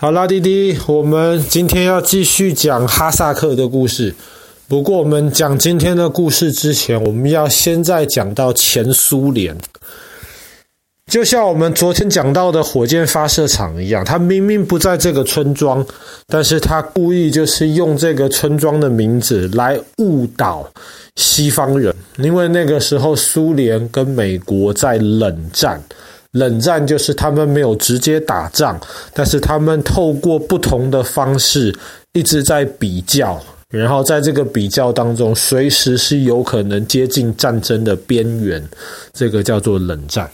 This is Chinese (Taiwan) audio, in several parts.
好啦，弟弟，我們今天要繼續講哈薩克的故事。不過，我們講今天的故事之前，我們要先在講到前蘇聯。就像我們昨天講到的火箭發射場一樣，他明明不在這個村莊，但是他故意就是用這個村莊的名字來誤導西方人，因為那個時候蘇聯跟美國在冷戰。冷戰就是他們沒有直接打仗，但是他們透過不同的方式一直在比較，然後在這個比較當中，隨時是有可能接近戰爭的邊緣，這個叫做冷戰。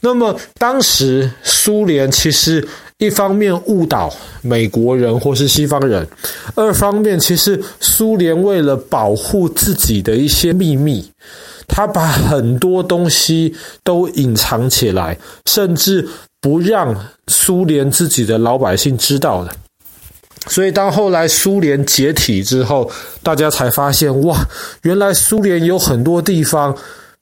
那麼當時蘇聯其實一方面誤導美國人或是西方人，二方面其實蘇聯為了保護自己的一些秘密。他把很多東西都隱藏起來，甚至不讓蘇聯自己的老百姓知道的。所以，當後來蘇聯解體之後，大家才發現，哇，原來蘇聯有很多地方，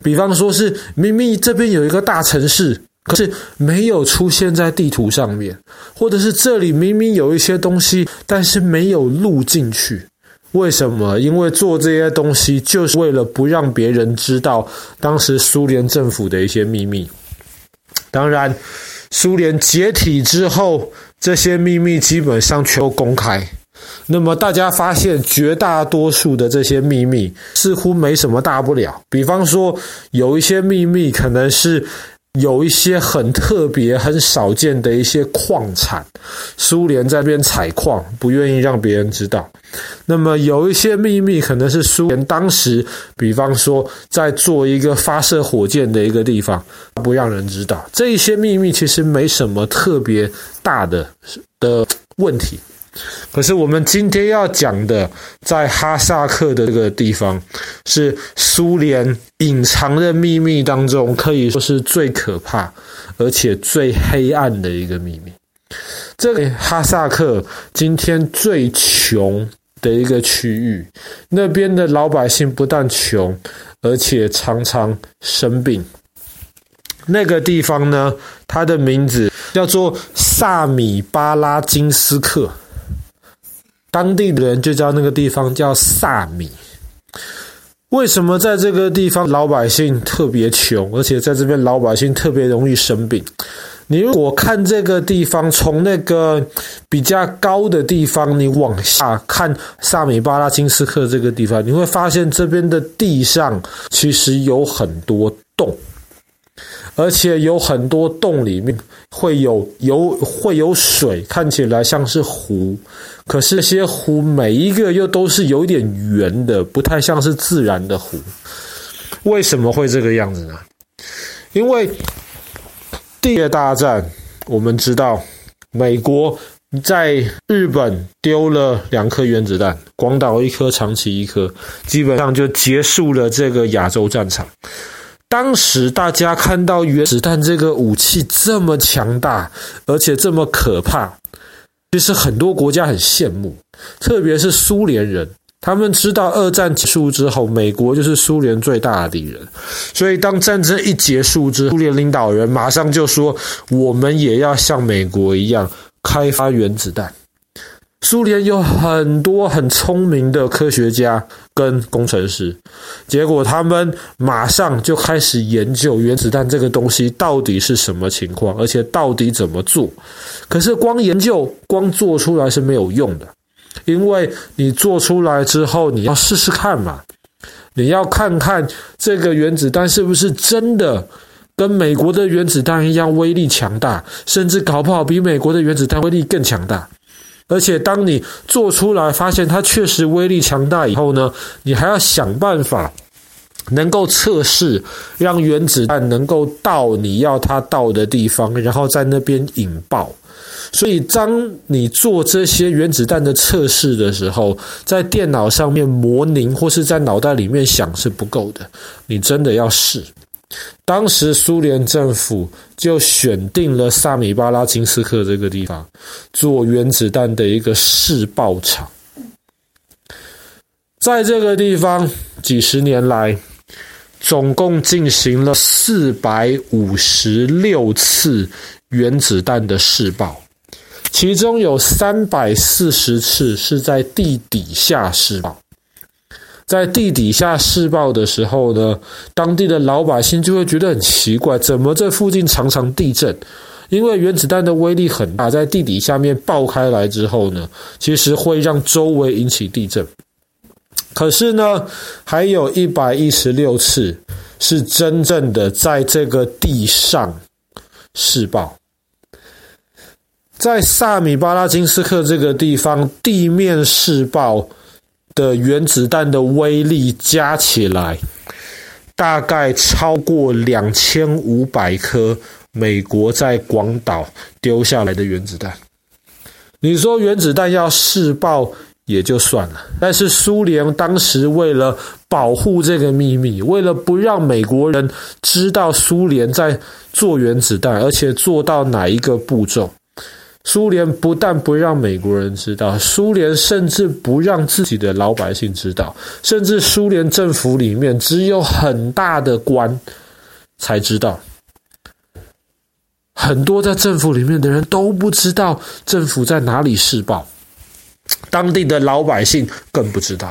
比方說是明明這邊有一個大城市，可是沒有出現在地圖上面，或者是這裡明明有一些東西，但是沒有錄進去。為什麼？因為做這些東西就是為了不讓別人知道當時蘇聯政府的一些秘密。當然，蘇聯解體之後，這些秘密基本上全都公開。那麼大家發現，絕大多數的這些秘密似乎沒什麼大不了。比方說，有一些秘密可能是。有一些很特別、很少見的一些礦產，蘇聯在這邊採礦，不願意讓別人知道。那麼有一些秘密，可能是蘇聯當時，比方說在做一個發射火箭的一個地方，不讓人知道。這一些秘密其實沒什麼特別大的的問題。可是我們今天要講的，在哈薩克的這個地方，是蘇聯隱藏的秘密當中，可以說是最可怕，而且最黑暗的一個秘密。這裡哈薩克今天最窮的一個區域，那邊的老百姓不但窮，而且常常生病。那個地方呢，它的名字叫做薩米巴拉金斯克。當地的人就叫那個地方叫薩米。為什麼在這個地方老百姓特別窮，而且在這邊老百姓特別容易生病？你如果看這個地方，從那個比較高的地方，你往下看，薩米巴拉金斯克這個地方，你會發現這邊的地上其實有很多洞。而且有很多洞裡面會有有會有水，看起來像是湖，可是這些湖每一個又都是有點圓的，不太像是自然的湖。為什麼會這個樣子呢？因為第二大戰，我們知道美國在日本丟了兩顆原子彈，廣島一顆，長崎一顆，基本上就結束了這個亞洲戰場。當時大家看到原子彈這個武器這麼強大，而且這麼可怕，其實很多國家很羨慕，特別是蘇聯人。他們知道二戰結束之後，美國就是蘇聯最大的敵人，所以當戰爭一結束之後，蘇聯領導人馬上就說：“我們也要像美國一樣開發原子彈。”蘇聯有很多很聰明的科學家跟工程師，結果他們馬上就開始研究原子彈這個東西到底是什麼情況，而且到底怎麼做。可是光研究、光做出來是沒有用的，因為你做出來之後，你要試試看嘛，你要看看這個原子彈是不是真的跟美國的原子彈一樣威力強大，甚至搞不好比美國的原子彈威力更強大。而且，當你做出來發現它確實威力強大以後呢，你還要想辦法能夠測試，讓原子彈能夠到你要它到的地方，然後在那邊引爆。所以，當你做這些原子彈的測試的時候，在電腦上面模擬或是在腦袋裡面想是不夠的，你真的要試。當時蘇聯政府就選定了薩米巴拉金斯克這個地方做原子彈的一個試爆場。在這個地方，幾十年來總共進行了四百五十六次原子彈的試爆，其中有三百四十次是在地底下試爆。在地底下試爆的時候呢，當地的老百姓就會覺得很奇怪，怎麼這附近常常地震？因為原子彈的威力很大，在地底下面爆開來之後呢，其實會讓周圍引起地震。可是呢，還有一百一十六次是真正的在這個地上試爆，在薩米巴拉金斯克這個地方，地面試爆。的原子彈的威力加起來，大概超過兩千五百顆美國在廣島丟下來的原子彈。你說原子彈要試爆也就算了，但是蘇聯當時為了保護這個秘密，為了不讓美國人知道蘇聯在做原子彈，而且做到哪一個步驟。蘇聯不但不讓美國人知道，蘇聯甚至不讓自己的老百姓知道，甚至蘇聯政府裡面只有很大的官才知道，很多在政府裡面的人都不知道政府在哪裡試爆，當地的老百姓更不知道，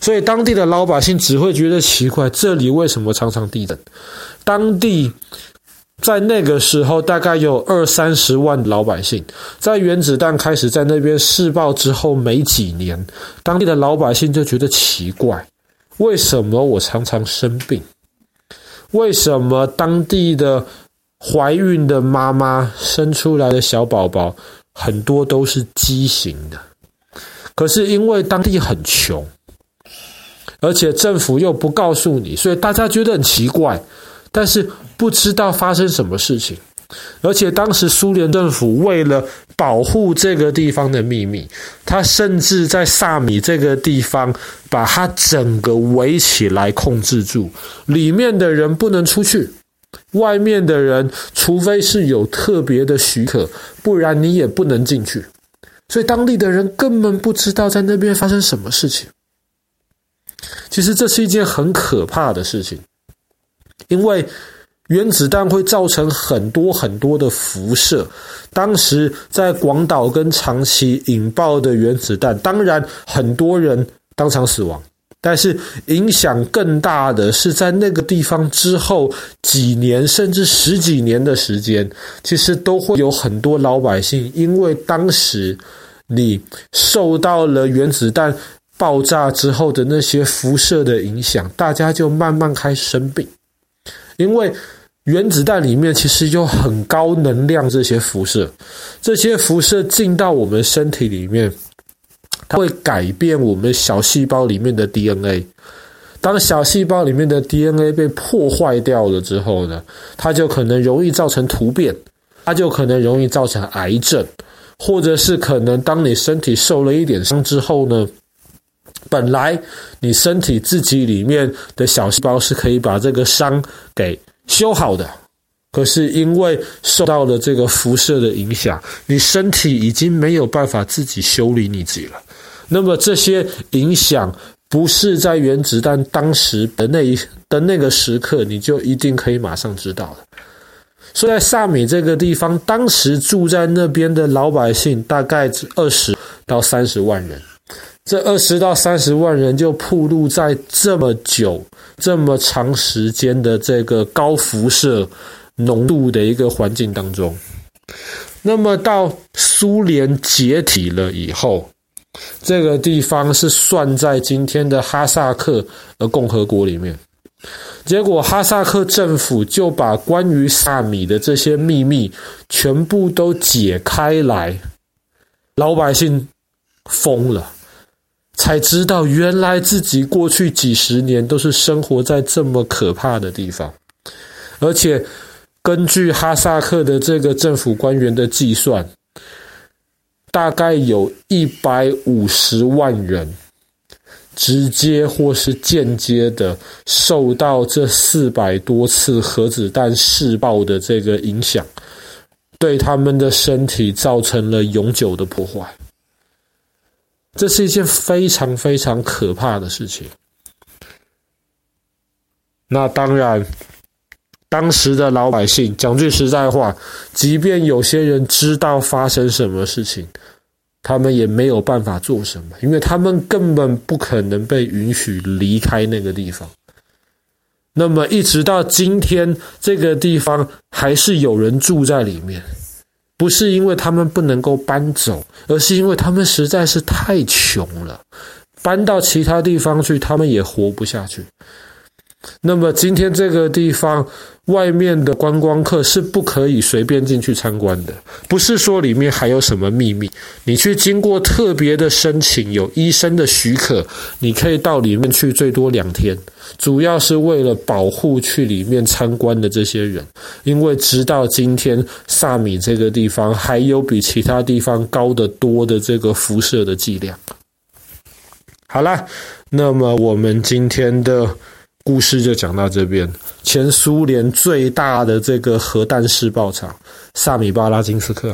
所以當地的老百姓只會覺得奇怪：這裡為什麼常常地震？當地。在那個時候，大概有二三十萬老百姓。在原子彈開始在那邊試爆之後沒幾年，當地的老百姓就覺得奇怪：為什麼我常常生病？為什麼當地的懷孕的媽媽生出來的小寶寶很多都是畸形的？可是因為當地很窮，而且政府又不告訴你，所以大家覺得很奇怪。但是不知道發生什麼事情，而且當時蘇聯政府為了保護這個地方的秘密，他甚至在薩米這個地方把它整個圍起來控制住，裡面的人不能出去，外面的人除非是有特別的許可，不然你也不能進去。所以當地的人根本不知道在那邊發生什麼事情。其實這是一件很可怕的事情。因為原子彈會造成很多很多的輻射。當時在廣島跟長崎引爆的原子彈，當然很多人當場死亡，但是影響更大的是在那個地方之後幾年甚至十幾年的時間，其實都會有很多老百姓，因為當時你受到了原子彈爆炸之後的那些輻射的影響，大家就慢慢開始生病。因為原子彈裡面其實有很高能量，這些輻射，這些輻射進到我們身體裡面，它會改變我們小細胞裡面的 DNA。當小細胞裡面的 DNA 被破壞掉了之後呢，它就可能容易造成突變，它就可能容易造成癌症，或者是可能當你身體受了一點傷之後呢。本來你身體自己裡面的小細胞是可以把這個傷給修好的，可是因為受到了這個輻射的影響，你身體已經沒有辦法自己修理你自己了。那麼這些影響不是在原子彈當時的那一的那個時刻，你就一定可以馬上知道的。所以在薩米這個地方，當時住在那邊的老百姓大概是二十到三十萬人。這二十到三十萬人就暴露在這麼久、這麼長時間的這個高輻射濃度的一個環境當中。那麼，到蘇聯解體了以後，這個地方是算在今天的哈薩克的共和國裡面。結果，哈薩克政府就把關於薩米的這些祕密全部都解開來，老百姓瘋了。才知道，原來自己過去幾十年都是生活在這麼可怕的地方。而且，根據哈薩克的這個政府官員的計算，大概有一百五十萬人直接或是間接的受到這四百多次核子彈試爆的這個影響，對他們的身體造成了永久的破壞。這是一件非常非常可怕的事情。那當然，當時的老百姓講句實在話，即便有些人知道發生什麼事情，他們也沒有辦法做什麼，因為他們根本不可能被允許離開那個地方。那麼，一直到今天，這個地方還是有人住在裡面。不是因為他們不能夠搬走，而是因為他們實在是太窮了，搬到其他地方去，他們也活不下去。那麼今天這個地方外面的觀光客是不可以隨便進去參觀的，不是說裡面還有什麼秘密。你去經過特別的申請，有醫生的許可，你可以到裡面去最多兩天，主要是為了保護去裡面參觀的這些人，因為直到今天薩米這個地方還有比其他地方高得多的這個輻射的劑量。好啦，那麼我們今天的。故事就講到這邊，前蘇聯最大的這個核彈試爆場——薩米巴拉金斯克。